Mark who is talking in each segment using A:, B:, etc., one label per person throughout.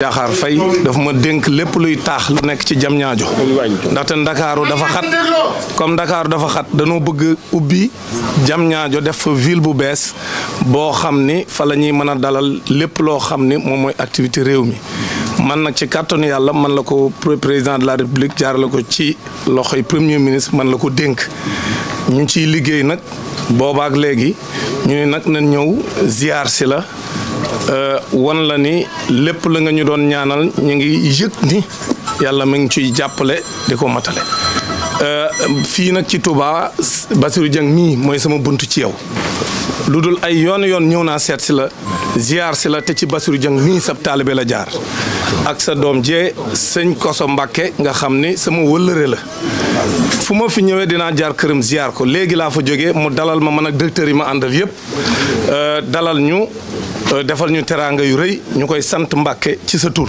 A: Diakhar Faye dafa ma dénk lépp luy taax lu nekk ci jam ñaajo ndakaaru dafa xat comme ndakaaru dafa dañoo bëgg ubbi jam def fa ville bu bees boo xam ni fa la ñuy mën a dalal lépp loo xam ni moom mooy activité réew mi man nag ci kàttanu yàlla man la ko président de la république jaarale ko ci loxoy premier ministre man la ko dénk ñu ciy liggéey nag boobaak léegi ñu ne nag nañ ñëw ziar la Euh, wan la ni lépp la nga ñu doon ñaanal ñu ngi yëg ni yàlla mi ngi ciy jàppale di ko matale euh, fii nag ci Touba Bassirou Dieng mii mooy sama bunt ci yow lu dul ay yoon yoon ñëw naa seet si la ziar si la te ci Bassirou Dieng mii sab taalibe la jaar ak sa doom jee sëñ Koso Mbàkke nga xam ni sama wëllëre la fu ma fi ñëwee dinaa jaar këram ziar ko léegi laa fa jógee mu dalal ma man ak docteur yi ma àndal yëpp euh, dalal ñu euh, defal ñu teraanga yu rëy ñu koy sant Mbàkke ci sa tur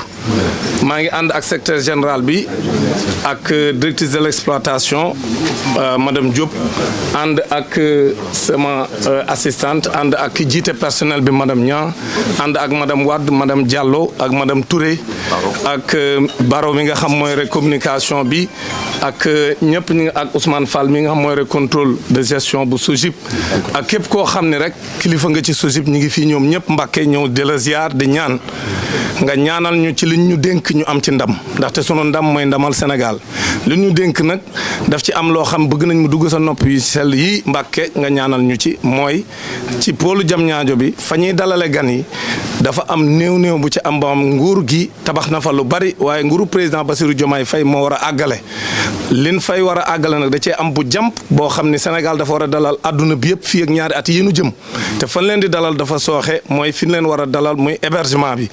A: maa ngi ànd ak secteur général bi ak euh, directrice de l'exploitation madame Diop ànd ak sama assistante ànd ak jiite personnel bi madame ñaa ànd ak madame wàdd madame jàlloo ak madame ture ak euh, baro mi nga xam mooy rek communication bi ak euh, ñëpp ñu ak Ousmane Fall mi nga xam mooy rek de gestion bu SOGIP ak képp koo xam ne rek kilifa nga ci SOGIP ñu ngi fii ñoom ñëpp Mbàkke ñëw di la di ñaan nga ñaanal ñu ci liñ ñu dénk ñu am ci ndam ndaxte sunu ndam mooy ndamal Sénégal li ñu dénk nag daf ci am loo xam bëgg nañ mu dugg sa nopp yu sell yi Mbàkke nga ñaanal ñu ci mooy ci pôlu ñaajo bi fa ñuy dalale gan yi dafa am néew néew bu ci am nguur gi tabax na fa lu bari waaye nguru président Bassirou Diomaye Faye moo war a àggale lin fay war a àggale nag da cee am bu jàmp boo xam ni Sénégal dafa war a dalal adduna bi yëpp fii ak ñaari at yi nu jëm te fan leen di dalal dafa sooxe mooy fi ñu leen war a dalal mooy hébergement bi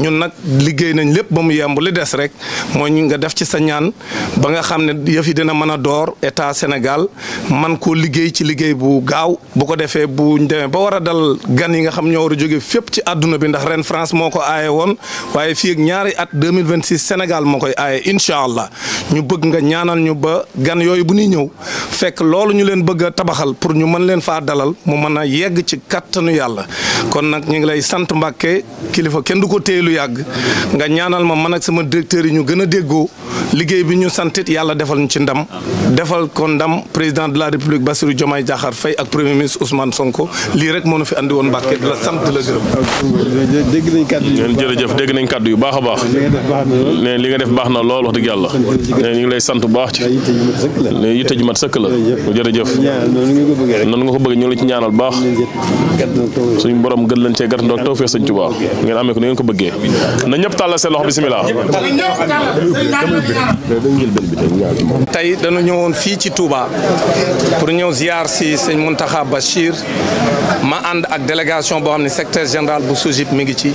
A: ñun nag liggéey nañ lépp ba mu yemb li des rek mooy nga def ci sa ñaan ba nga xam ne yëf yi dina mën a door état Sénégal man koo liggéey ci liggéey bu gaaw bu ko defee bu ñu demee ba war a dal gan yi nga xam ñoo war a jóge fépp ci adduna bi ndax ren France ñaari at 2026 Sénégal moo koy aaye incha allah ñu bëgg nga ñaanal ñu ba gan yooyu bu ñuy ñëw fekk loolu ñu leen bëgg tabaxal pour ñu man leen faa dalal mu mën a yegg ci kattanu yàlla kon nag ñu ngi lay sant Mbàkke kilifa kenn du ko téye lu yàgg nga ñaanal ma man ak sama directeur yi ñu gën a déggoo liggéey bi ñu santit yàlla defal ñu ci ndam defal ko ndam président de la république Bassirou Diomaye Diakhar Faye ak premier ministre Ousmane Sonko lii rek moo nu fi andi woon Mbàkke di la sant di la gërëm. dégg nañ kàddu yu baax a la jërëjëf noonu nga ko bëgg ñu ngi la ci ñaanal baax suñu borom gën leen cee gàtt ndoog taw feex sëñ Tuubaa ngeen amee ko ni ngeen bëggee na ñëpp tàllal seen loxo bisimilah tey dañu ñëwoon fii ci Touba pour ñëw ziar si sëñ Mountakha Bachir ma ànd ak délégation boo xam ne secrétaire général bu SOGIP mi ngi ci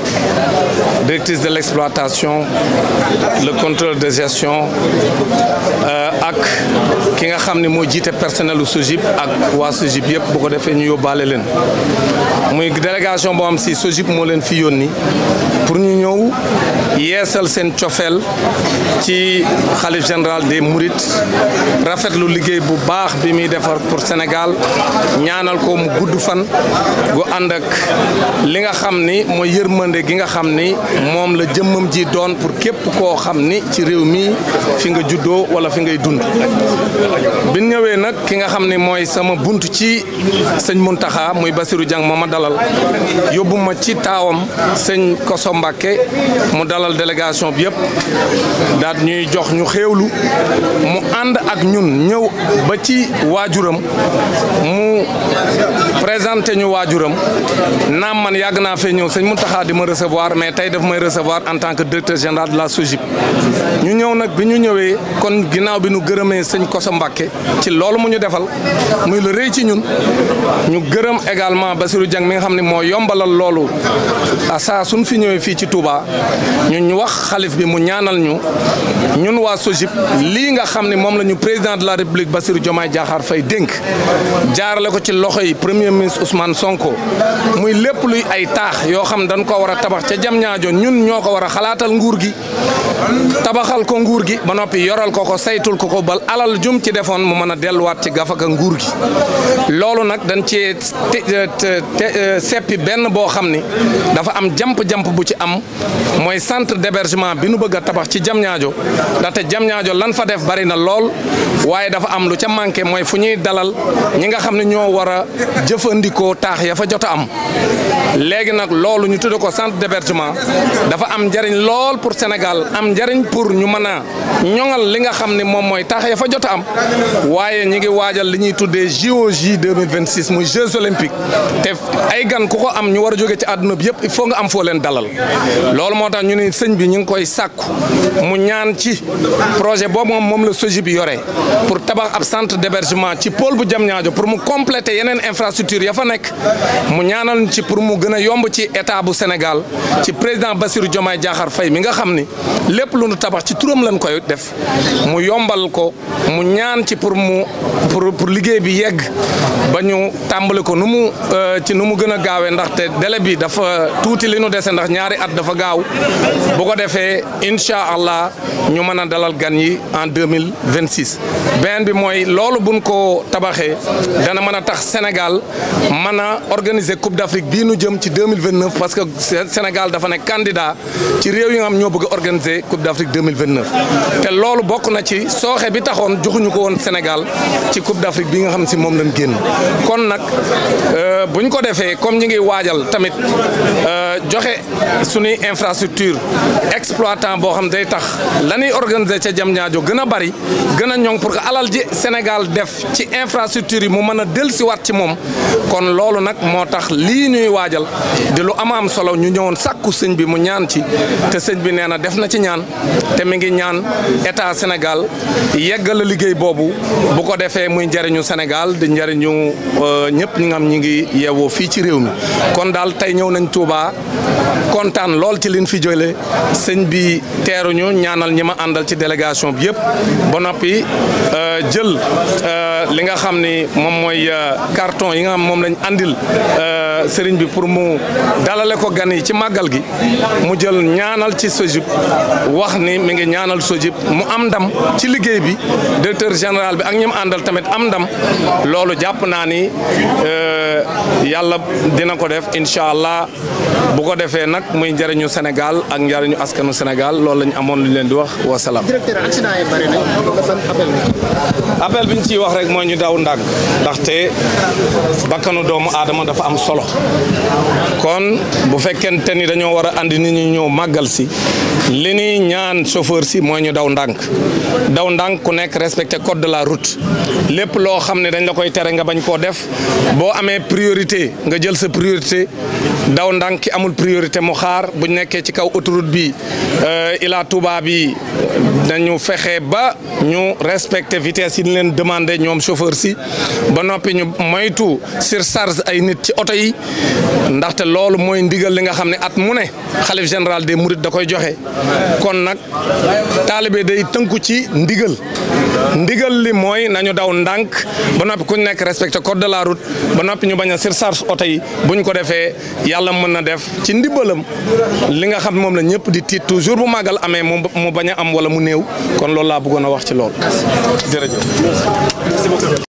A: directrice de l'exploitation d'exploitation le contrôle de gestion euh, ak ki nga xam ne moo jiite personnel u SOGIP ak waa SOGIP yëpp boo ko defee ñu yóbbaale leen muy délégation boo am si SOGIP moo leen fi yónni pour ñu ñëw yeesal seen cofeel ci xalif général des Mourides rafetlu liggéey bu baax bi muy defar pour Sénégal ñaanal ko mu gudd fan gu ànd ak li nga xam ni mooy yërmande gi nga xam ni moom la jëmmam ji doon pour képp koo xam ni ci réew mi fi nga juddoo wala fi ngay dund bi ñëwee nag ki nga xam ni mooy sama bunt ci sëñ Muntaxa muy Basiru Jang ma ma dalal yóbbu ci taawam sëñ Koso Mbàkke dalal dalal délégation bi yëpp daal ñuy jox ñu xéewlu mu ànd ak ñun ñëw ba ci waajuram mu présenté ñu waajuram naam man yàgg naa fee ñëw sëñ Mountakha di ma recevoir mais tey daf may recevoir en tant que directeur général de la SOGIP ñu ñëw nag bi ñu ñëwee kon ginnaaw bi ñu gërëmee sëñ Koso Mbàkke ci loolu mu ñu defal muy lu rëy ci ñun ñu gërëm également ba Basirou Dieng mi nga xam ni moo yombalal loolu saa suñ fi ñëwee fii ci Touba ñun ñu wax xalif bi mu ñaanal ñu ñun waa SOGIP lii nga xam ne moom la ñu président de la république Bassirou Diomaye Diakhar fay dénk jaarale ko ci loxo yi premier ministre Ousmane Sonko muy lépp luy ay taax yoo xam dañ ko war a tabax ca jam ñaajo ñun ñoo ko war a xalaatal nguur gi tabaxal ko nguur gi ba noppi yoral ko ko saytul ko ko bal alal jum ci defoon mu mën a delluwaat ci gafaka nguur gi loolu nag dañ ci seppi benn boo xam ni dafa am jamp-jamp bu ci am centre d'hébergement bi nu bëgg a tabax ci Diamniadio jam Diamniadio lan fa def bari na lool waaye dafa am lu ca manqué mooy fu ñuy dalal ñi nga xam ne ñoo war a jëfandikoo taax ya fa jot am léegi nag loolu ñu tuddee ko centre d'hébergement dafa am njariñ lool pour Sénégal am njariñ pour ñu mën a ñoŋal li nga xam ne moom mooy taax ya fa jot am waaye ñi ngi waajal li ñuy tuddee JOJ 2026 muy Jeux olympiques te ay gan ku ko am ñu war a jóge ci àdduna bi yëpp il faut nga am foo leen dalal loolu sëñ bi ñu ngi koy sàkku mu ñaan ci projet boobu moom moom la SOGIP bi yore pour tabax ab centre d'hébergement ci pôle bu Diamniadio pour mu compléter yeneen infrastructure ya fa nekk mu ñaanal ci pour mu gën a yomb ci état bu Sénégal ci président Bassirou Diomaye Diakhar fay mi nga xam ni lépp lu nu tabax ci turam lañ koy def mu yombal ko mu ñaan ci pour mu pour pour liggéey bi yegg ba ñu tàmbali ko nu mu euh, ci nu mu gën a gaawee ndaxte délai bi dafa tuuti li nu dese ndax ñaari at dafa gaaw bu ko defee incha allah ñu mën a dalal gan yi en 2026 beneen bi mooy loolu buñ ko tabaxee dana mën a tax Sénégal mën a organiser Coupe d'Afrique bii nu jëm ci 2029 parce que Sénégal dafa nekk candidat ci réew yi nga xam ñoo bëgg a organiser Coupe d'Afrique 2029 te loolu bokk na ci sooxe bi taxoon joxuñu ko woon Sénégal ci Coupe d'Afrique bi nga xam si moom lañ génn kon nag euh, buñ ko defee comme ñi ngi waajal tamit euh, joxe suñuy infrastructure exploitant boo xam day tax la ñuy organiser ca jam ñaajo gën a bari gën a ñoŋ pour que alal ji Sénégal def ci infrastructure yi mu mën a si dellusiwaat ci moom kon loolu nag moo tax lii ñuy waajal di lu ama am solo ñu ñëwoon sàkku sëñ bi mu ñaan ci te sëñ bi nee na def na ci ñaan te mi ngi ñaan état Sénégal yeggal liggéey boobu bu ko defee muy njariñu Sénégal di njëriñu euh, ñëpp ñi nga xam ñi ngi yeewoo fii ci réew mi kon daal tey ñëw kontaan lool ci liñ fi jëlee sëñ bi teeruñu ñaanal ñi ma àndal ci délégation bi yëpp ba noppi euh, jël euh, li nga xam ni moom mooy euh, carton yi nga xam moom lañ àndil sëriñ bi pour mu dalale ko gan yi ci màggal gi mu jël ñaanal ci sojib wax ni mi ngi ñaanal sojib mu am ndam ci liggéey bi directeur général bi ak ñi àndal tamit am ndam loolu jàpp naa ni yàlla dina ko def incha allah ko defee nag muy njëriñu Sénégal ak njëriñu askanu Sénégal loolu lañu amoon lu leen di wax wa salaam. directeur ciy wax rek mooy ñu daw ndànk ndaxte bakkanu doomu aadama dafa am solo kon bu fekkente ni dañoo war a andi nit ñi ñëw màggal si li ñaan chauffeur si mooy ñu daw ndànk daw ndànk ku nekk respecté code de la route lépp loo xam ne dañ la koy tere nga bañ koo def boo amee priorité nga jël sa priorité. daw ndànk amul priorité mu xaar bu ñu nekkee ci kaw autoroute bi euh, Ila Touba bi nañu fexe ba ñu respecter vitesse yi ñu leen demande ñoom chauffeur si ba noppi ñu moytu surcharge ay nit ci oto yi ndaxte loolu mooy ndigal li nga xam ne at mu ne xalif général des mourides da koy joxe kon nag taalibe day tënku ci ndigal ndigal li mooy nañu daw ndànk ba noppi ku nekk respecté code de la route ba noppi ñu bañ a surcharge oto yi bu ñu ko defee yàlla mën na def ci ndimbalam li nga xam moom la ñëpp di tiit toujours bu màggal amee mu mu bañ am wala mu néew kon loolu laa bëggoon a wax ci loolu